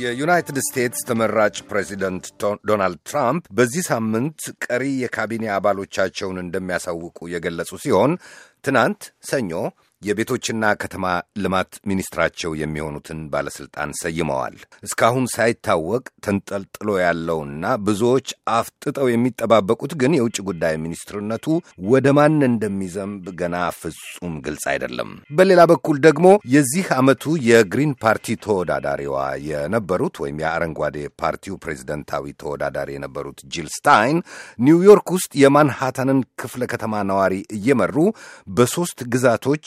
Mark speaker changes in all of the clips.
Speaker 1: የዩናይትድ ስቴትስ ተመራጭ ፕሬዚደንት ዶናልድ ትራምፕ በዚህ ሳምንት ቀሪ የካቢኔ አባሎቻቸውን እንደሚያሳውቁ የገለጹ ሲሆን ትናንት ሰኞ የቤቶችና ከተማ ልማት ሚኒስትራቸው የሚሆኑትን ባለሥልጣን ሰይመዋል። እስካሁን ሳይታወቅ ተንጠልጥሎ ያለውና ብዙዎች አፍጥጠው የሚጠባበቁት ግን የውጭ ጉዳይ ሚኒስትርነቱ ወደ ማን እንደሚዘንብ ገና ፍጹም ግልጽ አይደለም። በሌላ በኩል ደግሞ የዚህ ዓመቱ የግሪን ፓርቲ ተወዳዳሪዋ የነበሩት ወይም የአረንጓዴ ፓርቲው ፕሬዚደንታዊ ተወዳዳሪ የነበሩት ጂል ስታይን ኒውዮርክ ውስጥ የማንሃታንን ክፍለ ከተማ ነዋሪ እየመሩ በሦስት ግዛቶች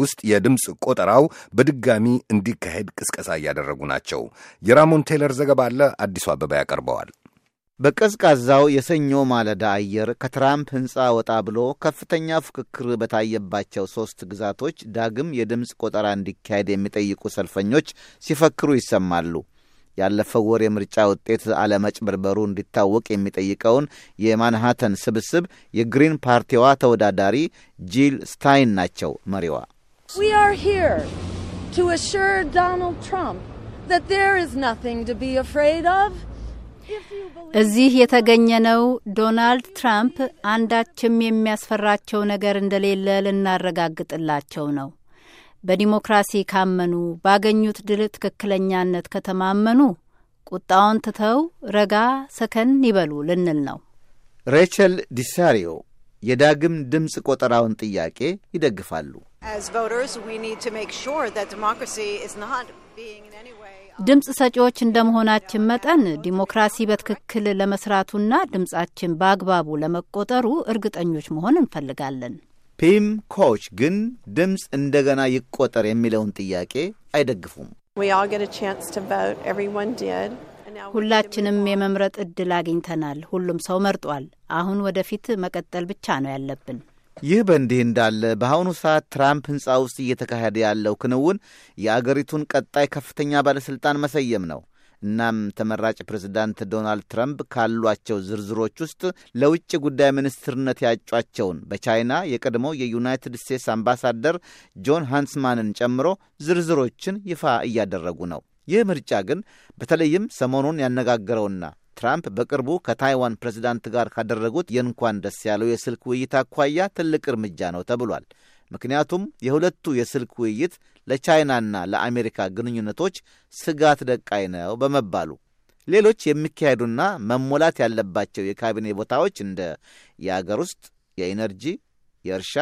Speaker 1: ውስጥ የድምፅ ቆጠራው በድጋሚ እንዲካሄድ ቅስቀሳ እያደረጉ
Speaker 2: ናቸው። የራሞን ቴይለር ዘገባ አለ፣ አዲሱ አበባ ያቀርበዋል። በቀዝቃዛው የሰኞ ማለዳ አየር ከትራምፕ ሕንፃ ወጣ ብሎ ከፍተኛ ፉክክር በታየባቸው ሦስት ግዛቶች ዳግም የድምፅ ቆጠራ እንዲካሄድ የሚጠይቁ ሰልፈኞች ሲፈክሩ ይሰማሉ። ያለፈው ወር የምርጫ ውጤት አለመጭበርበሩ እንዲታወቅ የሚጠይቀውን የማንሃተን ስብስብ የግሪን ፓርቲዋ ተወዳዳሪ ጂል ስታይን
Speaker 3: ናቸው መሪዋ። እዚህ የተገኘነው ዶናልድ ትራምፕ አንዳችም የሚያስፈራቸው ነገር እንደሌለ ልናረጋግጥላቸው ነው። በዲሞክራሲ ካመኑ፣ ባገኙት ድል ትክክለኛነት ከተማመኑ ቁጣውን ትተው ረጋ ሰከን ይበሉ ልንል ነው።
Speaker 2: ሬቸል ዲሳሪዮ የዳግም ድምፅ ቆጠራውን ጥያቄ
Speaker 3: ይደግፋሉ። uh, ድምፅ ሰጪዎች እንደ መሆናችን መጠን ዲሞክራሲ በትክክል ለመስራቱና ድምፃችን በአግባቡ ለመቆጠሩ እርግጠኞች መሆን እንፈልጋለን።
Speaker 2: ፒም ኮች ግን ድምፅ እንደገና ይቆጠር የሚለውን ጥያቄ አይደግፉም።
Speaker 3: ሁላችንም የመምረጥ እድል አግኝተናል። ሁሉም ሰው መርጧል። አሁን ወደፊት መቀጠል ብቻ ነው ያለብን።
Speaker 2: ይህ በእንዲህ እንዳለ በአሁኑ ሰዓት ትራምፕ ሕንፃ ውስጥ እየተካሄደ ያለው ክንውን የአገሪቱን ቀጣይ ከፍተኛ ባለሥልጣን መሰየም ነው። እናም ተመራጭ ፕሬዝዳንት ዶናልድ ትራምፕ ካሏቸው ዝርዝሮች ውስጥ ለውጭ ጉዳይ ሚኒስትርነት ያጯቸውን በቻይና የቀድሞው የዩናይትድ ስቴትስ አምባሳደር ጆን ሃንስማንን ጨምሮ ዝርዝሮችን ይፋ እያደረጉ ነው። ይህ ምርጫ ግን በተለይም ሰሞኑን ያነጋገረውና ትራምፕ በቅርቡ ከታይዋን ፕሬዝዳንት ጋር ካደረጉት የእንኳን ደስ ያለው የስልክ ውይይት አኳያ ትልቅ እርምጃ ነው ተብሏል። ምክንያቱም የሁለቱ የስልክ ውይይት ለቻይናና ለአሜሪካ ግንኙነቶች ስጋት ደቃይ ነው በመባሉ ሌሎች የሚካሄዱና መሞላት ያለባቸው የካቢኔ ቦታዎች እንደ የአገር ውስጥ የኢነርጂ፣ የእርሻ፣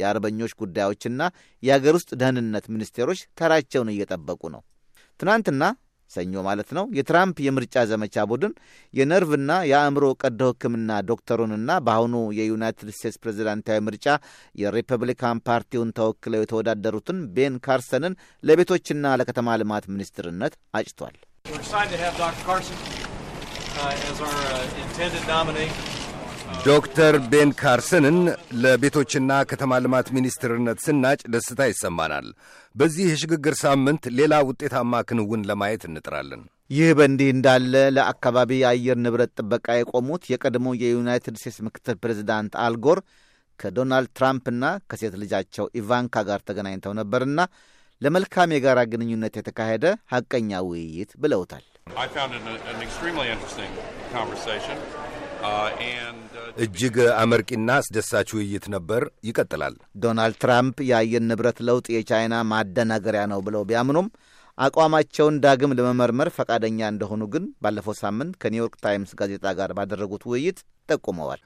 Speaker 2: የአርበኞች ጉዳዮችና የአገር ውስጥ ደህንነት ሚኒስቴሮች ተራቸውን እየጠበቁ ነው። ትናንትና ሰኞ ማለት ነው። የትራምፕ የምርጫ ዘመቻ ቡድን የነርቭና የአእምሮ ቀዶ ሕክምና ዶክተሩንና በአሁኑ የዩናይትድ ስቴትስ ፕሬዚዳንታዊ ምርጫ የሪፐብሊካን ፓርቲውን ተወክለው የተወዳደሩትን ቤን ካርሰንን ለቤቶችና ለከተማ ልማት ሚኒስትርነት አጭቷል።
Speaker 1: ዶክተር ቤን ካርሰንን ለቤቶችና ከተማ ልማት ሚኒስትርነት ስናጭ ደስታ ይሰማናል። በዚህ የሽግግር ሳምንት ሌላ ውጤታማ ክንውን ለማየት እንጥራለን።
Speaker 2: ይህ በእንዲህ እንዳለ ለአካባቢ የአየር ንብረት ጥበቃ የቆሙት የቀድሞ የዩናይትድ ስቴትስ ምክትል ፕሬዚዳንት አልጎር ከዶናልድ ትራምፕና ከሴት ልጃቸው ኢቫንካ ጋር ተገናኝተው ነበርና ለመልካም የጋራ ግንኙነት የተካሄደ ሐቀኛ ውይይት ብለውታል። እጅግ አመርቂና አስደሳች ውይይት ነበር። ይቀጥላል። ዶናልድ ትራምፕ የአየር ንብረት ለውጥ የቻይና ማደናገሪያ ነው ብለው ቢያምኑም አቋማቸውን ዳግም ለመመርመር ፈቃደኛ እንደሆኑ ግን ባለፈው ሳምንት ከኒውዮርክ ታይምስ ጋዜጣ ጋር ባደረጉት ውይይት ጠቁመዋል።